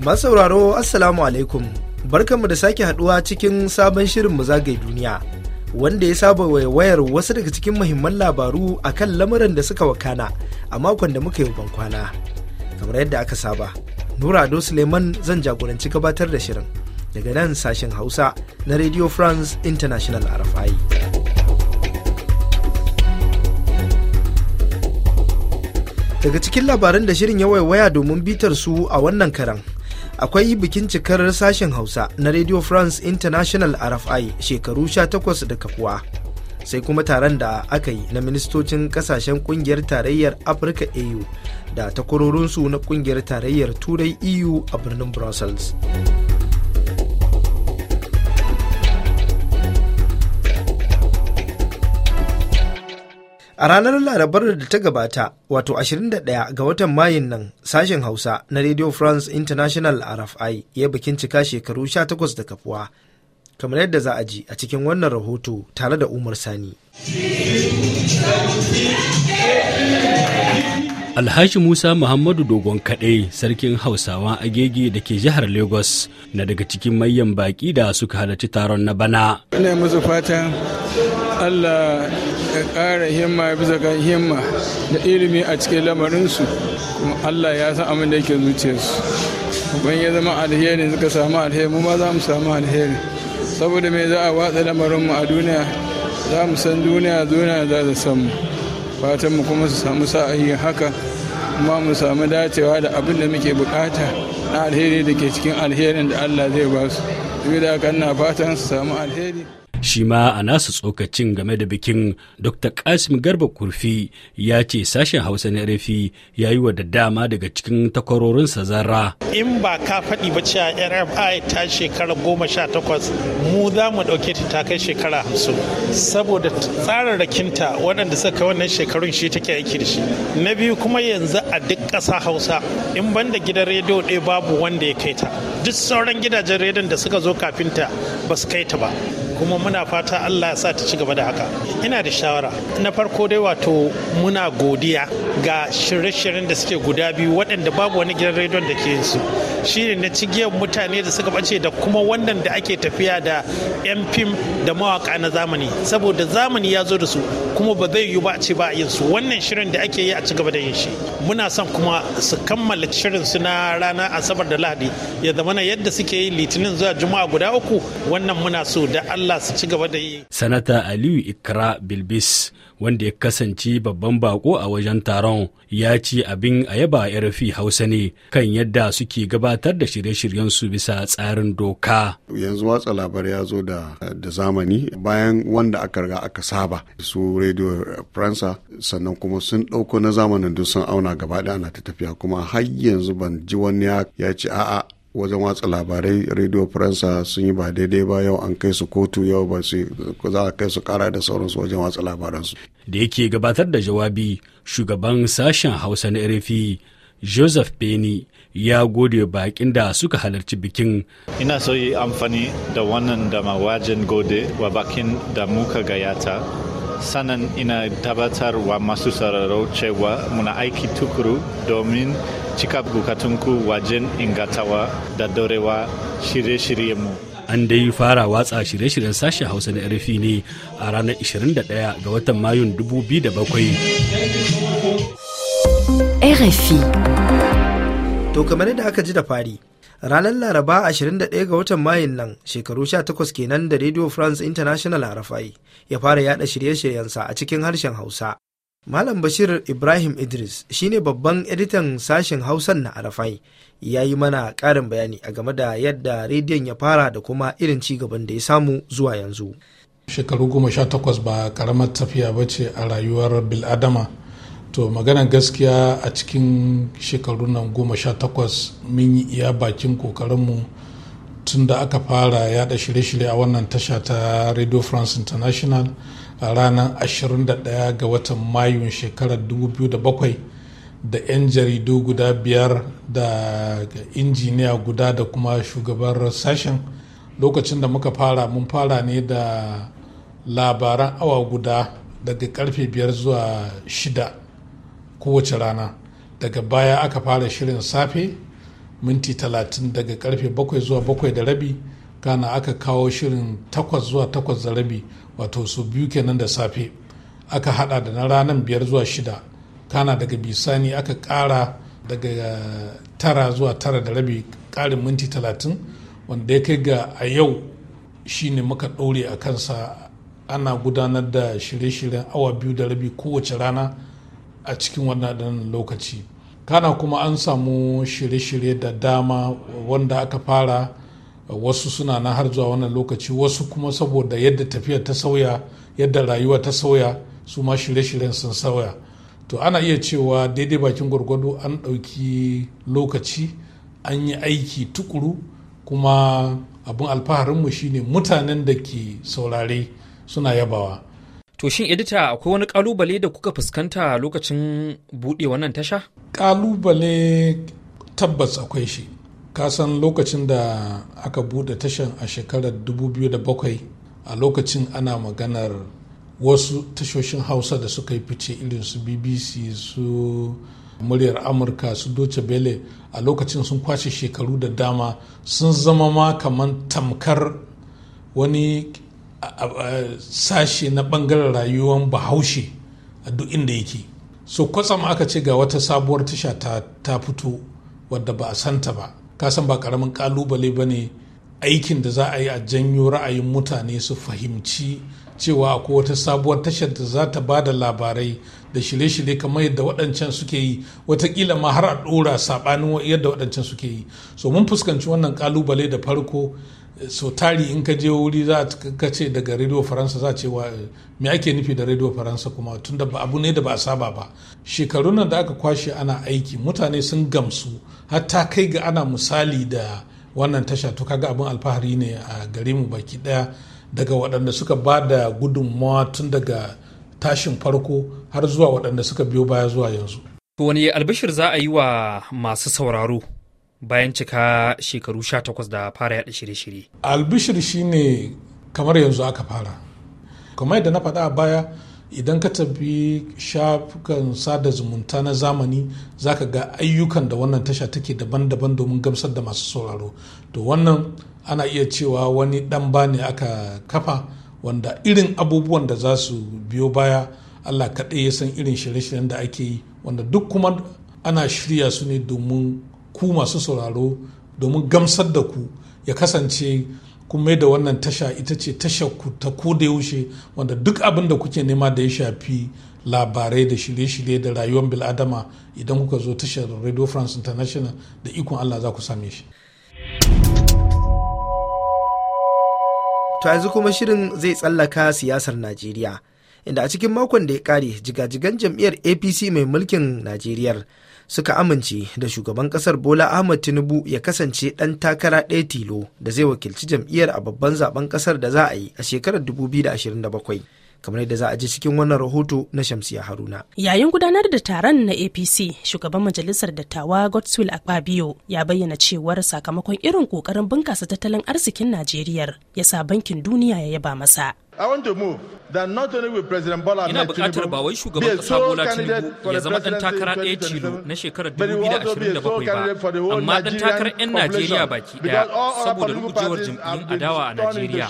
Masu sauraro Assalamu alaikum. Barkanmu da sake haduwa cikin sabon shirin mu zagaye duniya. Wanda ya saba wayar wasu daga cikin muhimman labaru a kan lamuran da suka wakana a makon da muka yi ban kwana. Kamar yadda aka saba, Nura Ado Suleiman zan jagoranci gabatar da shirin daga nan sashen Hausa na Radio France International RFI. daga cikin labaran da shirin ya waya domin bitar su a wannan karan akwai bikin cikar sashen hausa na radio france international rfi shekaru sha-takwas da kafuwa sai kuma taron da aka yi na ministocin kasashen kungiyar tarayyar afirka au da takwarorinsu na kungiyar tarayyar turai eu a birnin brussels A ranar Larabar da ta gabata, wato 21 ga watan Mayun nan, sashen Hausa na Radio France International RFI ya bikin cika shekaru 18 da kafuwa. Kamar yadda za a ji a cikin wannan rahoto tare da Umar Sani. Alhaji Musa Muhammadu Dogon kaɗai sarkin Hausawa a gege da ke jihar Lagos na daga cikin mayan baƙi da suka halarci taron na bana. Ina musu fatan Allah ya ƙara himma ya bisa ga himma da ilimi a cikin lamarinsu kuma Allah ya san abin da yake zuciyarsu. Ban ya zama alheri suka samu alheri mu ma za mu samu alheri. Saboda me za a watsa lamarinmu a duniya za mu san duniya duniya za ta san mu. fatan mu kuma su samu sa'ayin haka kuma mu samu dacewa da abin da muke bukata na alheri da ke cikin alherin da Allah zai ba su. da haka ina fatan su samu alheri. shi ma a nasu tsokacin game da bikin dr kasim garba kurfi ya ce sashen hausa na rafi ya yi wa da dama daga cikin takwarorinsa zarra in ba ka faɗi ba cewa rfi ta shekara goma sha takwas mu za mu ɗauke ta ta kai shekara hamsin saboda tsarin rakinta waɗanda suka wannan shekarun shi take aiki da shi na biyu kuma yanzu a duk ƙasa hausa in banda gidan rediyo ɗaya babu wanda ya kai ta duk sauran gidajen rediyon da suka zo kafinta ba su kai ta ba kuma muna fata Allah ya sa ta ci gaba da haka ina da shawara na farko dai wato muna godiya ga shirye-shiryen da suke guda biyu waɗanda babu wani gidan rediyon da ke yin su shine na cigiyar mutane da suka bace da kuma wannan da ake tafiya da yan fim da mawaka na zamani saboda zamani ya zo da su kuma ba zai yi ba ce ba yin su wannan shirin da ake yi a ci gaba da yin shi muna son kuma su kammala shirin su na ranar asabar da lahadi ya zama na yadda suke yi litinin zuwa juma'a guda uku wannan muna so da allah su ci gaba da yi sanata aliyu ikra bilbis wanda ya kasance babban bako a wajen taron ya ce abin a yaba rfi hausa ne kan yadda suke gaba gabatar da shirye-shiryensu bisa tsarin doka. Yanzu watsa labarai ya zo da, zamani bayan wanda aka riga aka saba su Radio Faransa sannan kuma sun ɗauko na zamanin duk sun auna gaba ana ta tafiya kuma har yanzu ban ji wani ya ce a'a wajen watsa labarai radio faransa sun yi ba daidai ba yau an kai su kotu yau ba su za a kai su kara da sauransu wajen watsa labaransu. da yake gabatar da jawabi shugaban sashen hausa na rfi joseph beni ya gode bakin da suka halarci bikin. Ina so yi amfani da wannan dama wajen gode wa bakin da muka gayata. Sannan ina tabbatar wa masu sararo cewa muna aiki tukuru domin cika bukatunku wajen ingatawa da dorewa shirye-shiryenmu. an dai fara watsa shirye-shiryen sashen hausa na rfi ne a ranar 21 ga watan mayun 2007 rfi To kamar yadda aka ji da fari, ranar Laraba 21 ga watan Mayun nan shekaru 18 kenan da Radio France International Arafai ya fara yada shirye-shiryensa a cikin harshen Hausa. Malam Bashir Ibrahim Idris shine babban editan sashen Hausan na Arafai ya yi mana ƙarin bayani a game da yadda rediyon ya fara da kuma irin ci gaban da ya samu zuwa yanzu. Shekaru goma sha takwas ba karamar tafiya ba ce a rayuwar Biladama to maganan gaskiya a cikin shekaru nan goma sha takwas mun yi iya bakin kokarinmu tun da aka fara yada shirye-shirye a wannan tasha ta radio france international a ranar 21 ga watan mayu shekarar 2007 da 'yan jaridu guda biyar da injiniya guda da kuma shugabar sashen lokacin da muka fara mun fara ne da labaran awa guda daga karfe biyar zuwa shida kowace rana daga baya aka fara shirin safe minti talatin daga karfe 7 zuwa 7 da rabi kana aka kawo shirin takwas zuwa takwas da rabi wato su biyu kenan da safe aka hada da na ranar 5 zuwa 6 kana daga bisani aka kara daga eh, tara zuwa tara da rabi karin minti talatin wanda ya kai ga a yau shine muka ɗore a kansa ana gudanar da shirye-shiryen awa biyu da rabi kowace rana a cikin wannan lokaci kana kuma an samu shirye-shirye da dama wanda aka fara wasu suna na har zuwa wannan lokaci wasu kuma saboda yadda tafiyar ta sauya yadda rayuwa ta sauya su ma shirye-shiryen sun sauya to ana iya cewa daidai bakin gwargwado an ɗauki lokaci an yi aiki tukuru kuma abin alfaharinmu shine mutanen da ke saurare suna yabawa To shin edita akwai wani kalubale da kuka fuskanta lokacin buɗe wannan tasha? Kalubale tabbas akwai shi. Kasan lokacin da aka buɗe tashan a shekarar 2007 a lokacin ana maganar wasu tashoshin hausa da suka yi fice irin su bbc su muryar amurka su doce bele a lokacin sun kwashe shekaru da dama sun zama ma kamar tamkar wani sashe na bangaren rayuwar bahaushe a duk inda yake so kwatsam aka ce ga wata sabuwar tasha ta fito wadda ba a santa ba kasan ba karamin kalubale ba ne aikin da za a yi a janyo ra'ayin mutane su fahimci cewa ko wata sabuwar tashar da za ta ba da labarai da shirye-shirye kamar yadda waɗancan suke yi watakila ma har a ɗora saɓanin yadda waɗancan suke yi so mun fuskanci wannan ƙalubale da farko so tari in ka je wuri za ka ce daga radio faransa za ce wa me ake nufi da radio faransa kuma tun da abu ne da ba a saba ba shekarun nan da aka kwashe ana aiki mutane sun gamsu hatta kai ga ana misali da wannan tasha to kaga abin alfahari ne a gare mu baki daya daga waɗanda suka ba da gudunmawa tun daga tashin farko har zuwa waɗanda suka biyo baya zuwa yanzu. To wani albishir za a yi wa masu sauraro bayan cika shekaru sha takwas da fara yaɗa shirye-shirye? Albishir shine kamar yanzu aka fara. Kamar yadda na faɗa a baya idan ka tafi shafukan sada zumunta na zamani za ka ga ayyukan da wannan tasha take daban-daban domin gamsar da masu sauraro. To wannan ana iya cewa wani dan ba ne aka kafa wanda irin abubuwan da za su biyo baya allah kaɗai ya san irin shirye-shiryen da ake yi wanda duk kuma ana shirya su ne domin ku masu sauraro domin gamsar da ku ya kasance kun da wannan tasha ita ce tasha ku ta koda yaushe wanda duk abin da kuke nema da ya shafi labarai da shirye-shirye da rayuwar biladama idan kuka zo tashar radio france international da ikon allah za ku same shi To yanzu kuma shirin zai tsallaka siyasar Najeriya, inda a cikin makon da ya ƙare, jiga-jigan jam'iyyar APC mai mulkin Najeriya suka amince da shugaban ƙasar Bola Ahmad Tinubu ya kasance ɗan takara ɗaya tilo da zai wakilci jam'iyyar a babban zaben ƙasar da za a yi a shekarar 2027. kamar yadda za a ji cikin wannan rahoto na Shamsiya Haruna. Yayin gudanar da taron na APC, shugaban majalisar dattawa Godswill Akpabio ya bayyana cewar sakamakon irin kokarin bunkasa tattalin arzikin Najeriya ya sa bankin duniya ya yaba masa. Ina bukatar ba wai shugaban kasa Bola Tinubu ya zama dan takara ɗaya tilo na shekarar 2027 ba, amma dan takarar 'yan Najeriya baki ɗaya saboda rukujewar jam'iyyun adawa a Najeriya.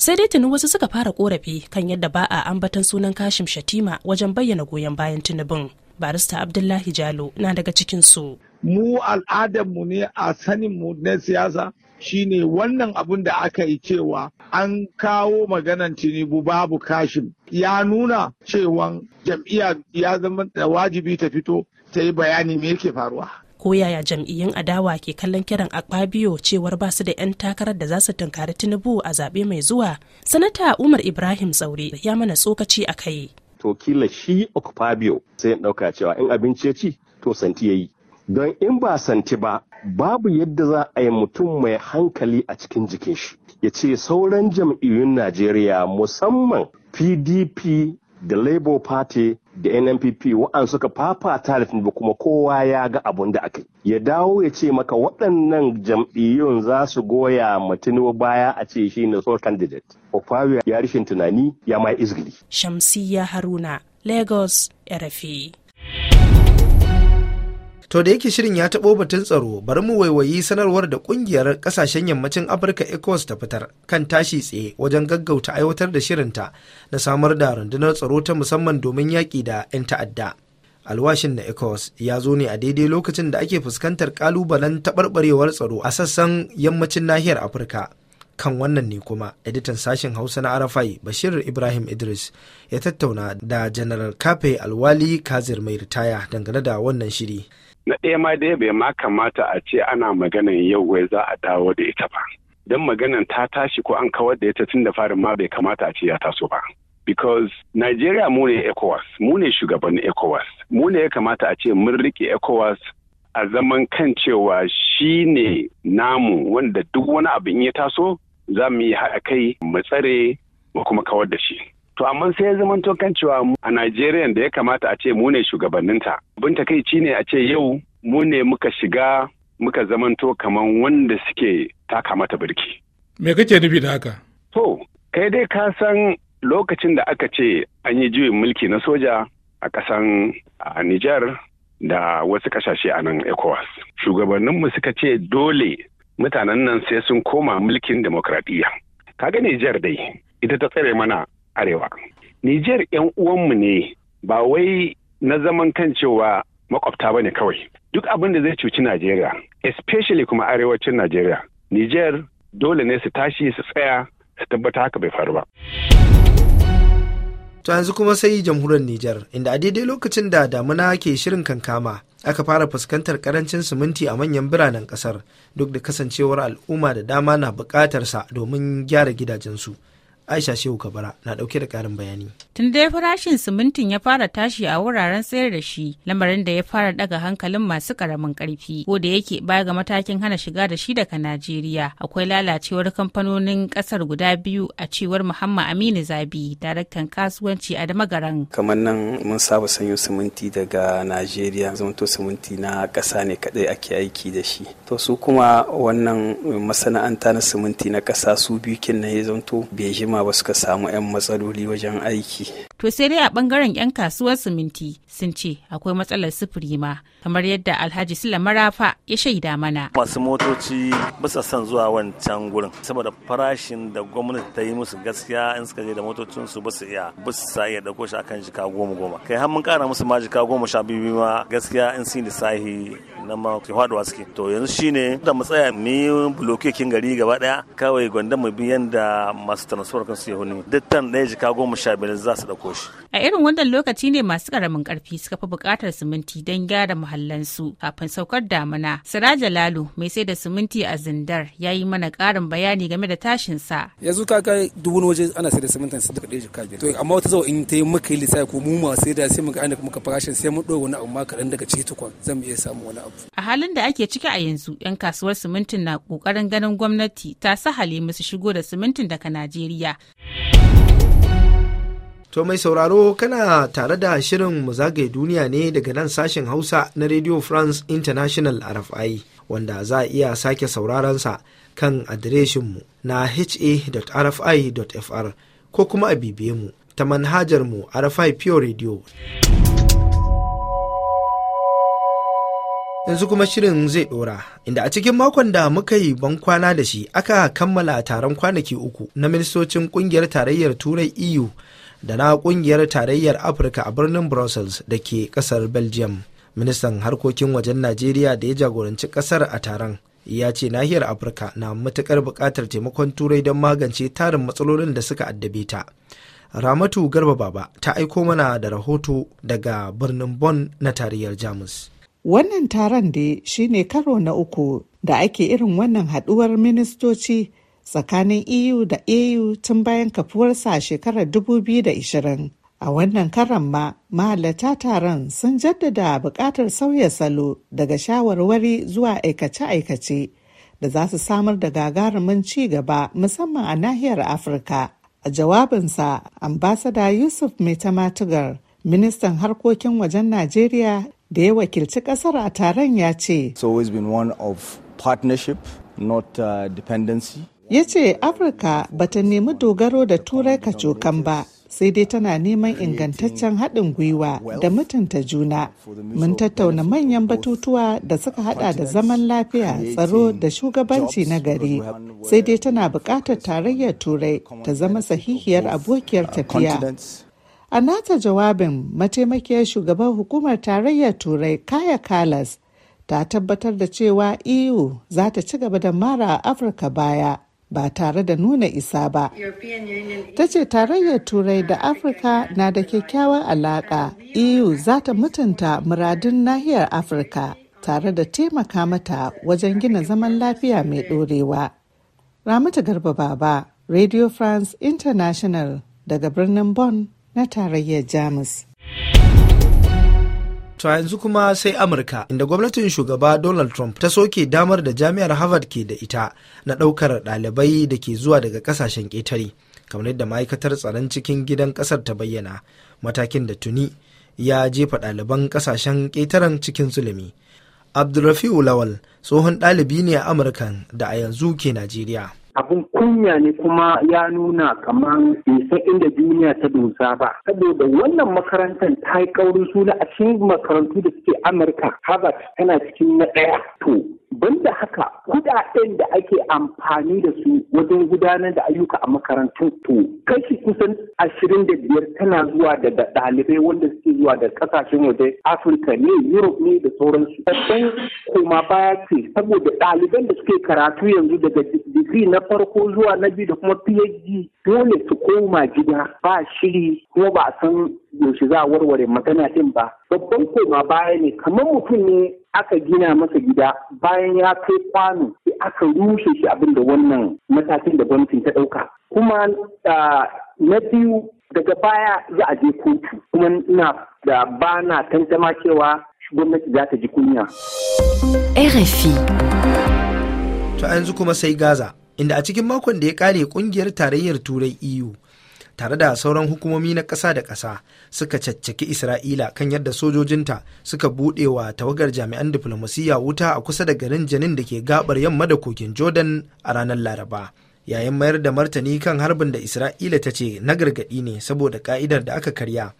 sai dai tuni wasu suka fara korafi kan yadda ba a ambatan sunan kashim shatima wajen bayyana goyon bayan tinubin barista abdullahi jalo na daga cikin su mu al'adarmu ne a sanin mu na siyasa shine wannan abun da aka yi cewa an kawo maganan tinubu babu kashim ya nuna cewan jam'iyya ya zama da wajibi ta fito ta yi bayani me yake faruwa ko yaya jam'iyyun adawa ke kallon kiran akpabio cewar ba su da 'yan takarar da za su tunkari tinubu a zaɓe mai zuwa sanata umar ibrahim tsaure ya mana tsokaci a kai to kila shi okpabio sai ɗauka cewa in abinci ya ci to santi ya yi don in ba santi ba babu yadda za a yi mutum mai hankali a cikin jikin shi ya ce sauran jam'iyyun najeriya musamman pdp da labour party da nnpp wa'an suka fafata da tinubu kuma kowa ya ga abun da aka ya dawo ya ce maka waɗannan jam'iyyun za su goya ma baya a ce shi ne sole candidate ofawi ya rishin tunani ya ma izgili Shamsiyya haruna lagos rfi To da yake shirin ya taɓo batun tsaro bari mu waiwayi sanarwar da ƙungiyar ƙasashen yammacin Afirka Ecos ta fitar kan tashi tsaye wajen gaggauta aiwatar da shirinta na samar da rundunar tsaro ta musamman domin yaƙi da 'yan ta'adda. Alwashin na Ecos ya zo ne a daidai lokacin da ake fuskantar ƙalubalen taɓarɓarewar tsaro a sassan yammacin nahiyar Afirka. kan wannan ne kuma editan sashen hausa na arafai bashir ibrahim idris ya tattauna da janaral kafe alwali kazir mai ritaya dangane da wannan shiri na ɗaya ma dai bai ma kamata a ce ana maganan yau wai za a dawo da ita ba don maganan ta tashi ko an kawar da ita tun da farin ma bai kamata a ce ya taso ba because Nigeria mu ne ECOWAS mu ne shugaban ECOWAS mu ne ya kamata a ce mun rike ECOWAS a zaman kan cewa shi ne namu wanda duk wani abin ya taso za mu yi haɗa kai mu tsare mu kuma kawar da shi To amma sai ya zama kan cewa a Najeriya da ya kamata a ce mu ne shugabanninta. Abin takaici ne a ce yau mu ne muka shiga muka zamanto kaman wanda suke taka mata birki. Me kake nufi da haka? To, kai dai ka san lokacin da aka ce an yi juyin mulki na soja a ƙasan Nijar da wasu ƙasashe a nan ECOWAS. Shugabanninmu suka ce dole mutanen nan sai sun koma mulkin demokradiyya. Kaga Nijar dai, ita ta tsare mana arewa niger yan uwanmu ne ba wai na zaman kan cewa makwabta ba ne kawai duk abin da zai cuci najeriya especially kuma arewacin najeriya niger dole ne su tashi su tsaya su tabbata haka bai faru ba to yanzu kuma sai jamhuriyar nijar inda a daidai lokacin da damuna ke shirin kankama aka fara fuskantar karancin siminti a manyan biranen kasar duk da kasancewar al'umma da dama na bukatarsa domin gyara gidajensu Aisha Shehu Kabara na ɗauke da ƙarin bayani. Tun dai farashin simintin ya fara tashi a wuraren sayar da shi, lamarin da ya fara daga hankalin masu ƙaramin ƙarfi. Ko da yake baya ga matakin hana shiga da shi daga Najeriya, akwai lalacewar kamfanonin ƙasar guda biyu a cewar Muhammad Aminu Zabi, daraktan kasuwanci a Damagaran. Kamar nan mun saba sanyo siminti daga Najeriya, zamanto siminti na ƙasa ne kaɗai ake aiki da shi. To su kuma wannan masana'anta na siminti na ƙasa su biyu kin na ya zamanto bai jima ba suka samu 'yan matsaloli wajen aiki. To sai dai a bangaren 'yan kasuwar siminti sun ce akwai matsalar sufuri ma kamar yadda Alhaji Sula Marafa ya shaida mana. Masu motoci bisa son zuwa wancan gurin saboda farashin da gwamnati ta yi musu gaskiya in suka je da motocin su bisa iya bisa iya dauko shi akan jika goma goma. Kai har mun kara musu ma jika goma sha biyu ma gaskiya in sun sahi na ma ke faduwa suke. To yanzu shine da mu tsaya mu yi blokekin gari gaba daya kawai gwanda mu bi da masu transport sukan su wani duk tan ɗaya jika goma sha biyar za su ɗauko shi. A irin wannan lokaci ne masu ƙaramin ƙarfi suka fi buƙatar siminti don gyara muhallansu kafin saukar damina. Siraja Lalo mai sai da siminti a Zindar ya yi mana ƙarin bayani game da tashin sa. Yanzu ka ga dubu waje ana sai da simintin su duka ɗaya jika biyar. To amma wata zau in ta yi muka yi lissafi ko mu ma sai da sai muka ana muka farashin sai mu ɗora wani abu ma kaɗan daga ciki tukun zan iya samun wani abu. A halin da ake ciki a yanzu 'yan kasuwar simintin na ƙoƙarin ganin gwamnati ta sahale musu shigo da simintin daga Najeriya To mai sauraro kana tare da shirin mu zagaye duniya ne daga nan sashen Hausa na Radio France International RFI wanda za a iya sake sauraronsa kan adireshinmu na ha.rfi.fr ko kuma a bibiye mu ta manhajar mu RFI Pure Radio. yanzu kuma shirin zai dora inda a cikin makon da muka yi ban kwana da shi aka kammala taron kwanaki uku na ministocin kungiyar tarayyar turai eu da na kungiyar tarayyar afirka a birnin brussels da ke kasar belgium ministan harkokin wajen najeriya da ya jagoranci kasar a taron ya ce nahiyar afirka na matukar buƙatar taimakon turai don magance tarin matsalolin da suka addabe ta ramatu garba baba ta aiko mana da rahoto daga birnin bonn na tarayyar jamus Wannan taron da shi ne karo na uku da ake irin wannan haduwar ministoci tsakanin EU da AU tun bayan kafuwarsa a shekarar 2020. A wannan karan ma mahallata taron sun jaddada buƙatar sauya salo daga shawarwari zuwa aikace-aikace da za su samar da gagarumin ci gaba musamman a nahiyar Afirka. A jawabinsa, ambasada Yusuf Mai Tamatugar ministan harkokin wajen Najeriya da ya wakilci kasar a taron ya ce. Uh, ya ce Afirka ba ta nemi dogaro da turai kacokan ba, sai dai tana neman ingantaccen haɗin gwiwa da mutunta juna. Mun tattauna manyan batutuwa da suka hada da zaman lafiya, tsaro da shugabanci na gari. Sai dai tana buƙatar tarayyar turai ta zama sahihiyar abokiyar tafiya. Uh, A nata jawabin mataimakiyar shugaban hukumar tarayyar Turai Kaya Kalas ta tabbatar da cewa EU za ta ci gaba da mara a Afirka baya ba tare da nuna isa ba. Ta ce tarayyar Turai da Afirka na da kyakkyawar alaƙa. EU za ta mutunta muradun nahiyar Afirka tare da taimaka mata wajen gina zaman lafiya mai ɗorewa. ramata Garba Baba, Radio France International daga birnin Bon. na tarayyar Jamus. To yanzu kuma sai Amurka, inda gwamnatin shugaba Donald Trump ta soke damar da jami'ar Harvard ke da ita na ɗaukar ɗalibai da ke zuwa daga ƙasashen ƙetare, kamar yadda ma'aikatar tsaron cikin gidan ƙasar ta bayyana, matakin da tuni ya jefa ɗaliban ƙasashen ƙetaren cikin zulumi. Abdulrafi'u Lawal tsohon ɗalibi ne a Amurkan da a yanzu ke Najeriya. abun kunya ne kuma ya nuna kamar bai san inda duniya ta dosa ba saboda wannan makarantar ta yi kaurin suna a cikin makarantu da suke amurka harvard tana cikin na ɗaya to banda haka kudaden da ake amfani da su wajen gudanar da ayyuka a makarantun to kashi kusan ashirin da biyar tana zuwa daga ɗalibai wanda suke zuwa da kasashen waje afirka ne europe ne da sauransu babban koma baya ce saboda ɗaliban da suke karatu yanzu daga digiri na farko zuwa na biyu da kuma phd dole su koma gida ba shiri kuma ba a san yaushe za a warware magana din ba babban koma baya ne kamar mutum ne aka gina masa gida bayan ya kai kwano sai aka rushe shi abin da wannan matakin da gwamnatin ta ɗauka. Kuma na biyu daga baya za a je kotu kuma na da ba na tantama cewa gwamnati za ta ji kunya. RFI. To yanzu kuma sai Gaza, inda a cikin makon da ya kare kungiyar tarayyar Turai EU tare da sauran hukumomi na ƙasa da ƙasa suka caccaki isra'ila kan yadda sojojinta suka buɗe wa tawagar jami'an diflomasiyya wuta a kusa da garin janin da ke gabar yamma da kogin jordan a ranar laraba yayin mayar da martani kan harbin da isra'ila ta ce na gargaɗi ne saboda ka'idar da aka karya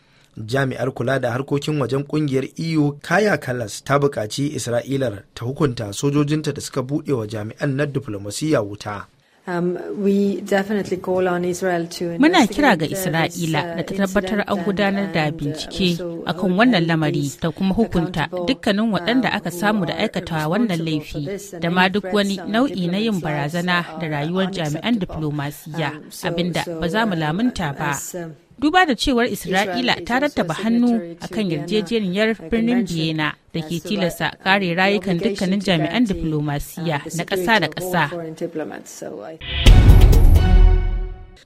jami'ar kula da harkokin wajen kungiyar eu kaya kalas ta buƙaci isra'ilar ta hukunta sojojinta da suka buɗe wa jami'an na diflomasiyya wuta Um, Muna kira ga uh, Isra'ila da ta tabbatar an gudanar da uh, bincike akan wannan uh, lamari da kuma hukunta dukkanin waɗanda aka samu da aikatawa wannan laifi da ma duk wani nau'i na yin barazana da rayuwar jami'an diflomasiya um, abinda ba za mu lamunta ba. Um, duba da cewar isra'ila ta rattaba hannu akan yarjejeniyar birnin biyena da ke tilasta kare um, rayukan dukkanin jami'an diflomasiya uh, na ƙasa da ƙasa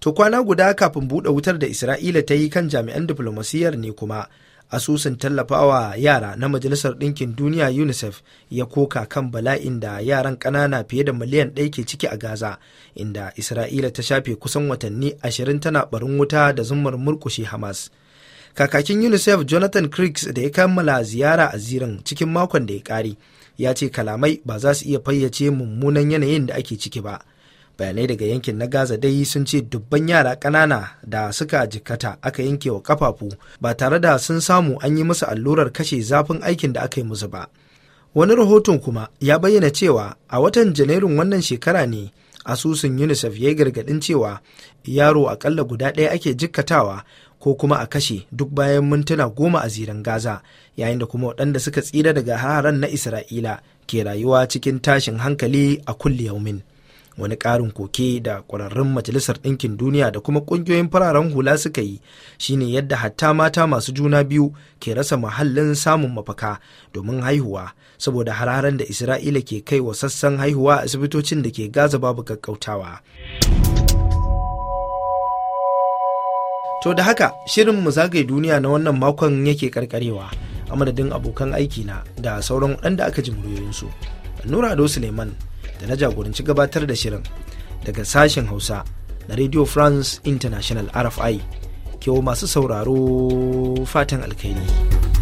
to kwana guda kafin buɗe wutar da isra'ila ta yi kan jami'an diflomasiyyar ne kuma asusun tallafawa yara na majalisar ɗinkin duniya unicef ya koka kan bala'in da yaran ƙanana fiye da miliyan ɗaya ke ciki a gaza inda isra'ila ta shafe kusan watanni ashirin tana barin wuta da zumar murkushe hamas kakakin unicef jonathan creeks da ya kammala ziyara a zirin cikin makon da ya ƙare ya ce kalamai ba za su iya fayyace mummunan yanayin da ake ciki ba bayanai daga yankin na gaza dai sun ce dubban yara ƙanana da suka jikkata aka yanke wa kafafu ba tare da sun samu an yi musu allurar kashe zafin aikin da aka yi musu ba wani rahoton kuma ya bayyana cewa a watan janairun wannan shekara ne asusun unicef ya yi gargadin cewa yaro akalla guda ɗaya ake jikkatawa ko kuma a kashe duk bayan mintuna goma a ziran gaza yayin da kuma waɗanda suka tsira daga haran na isra'ila ke rayuwa cikin tashin hankali a kulle yaumin. wani ƙarin koke da ƙwararrun majalisar ɗinkin duniya da kuma ƙungiyoyin fararen hula suka yi shine yadda hatta mata masu juna biyu ke rasa mahallin samun mafaka domin haihuwa saboda hararen da isra'ila ke kai wa sassan haihuwa a asibitocin da ke gaza babu gaggautawa. To da haka shirin mu zagaye duniya na wannan makon yake karkarewa a madadin abokan aiki na da sauran waɗanda aka ji muryoyinsu. Nura Ado Suleiman da na jagoranci gabatar da shirin daga sashen hausa na radio france international rfi kewa masu sauraro fatan alkhairi.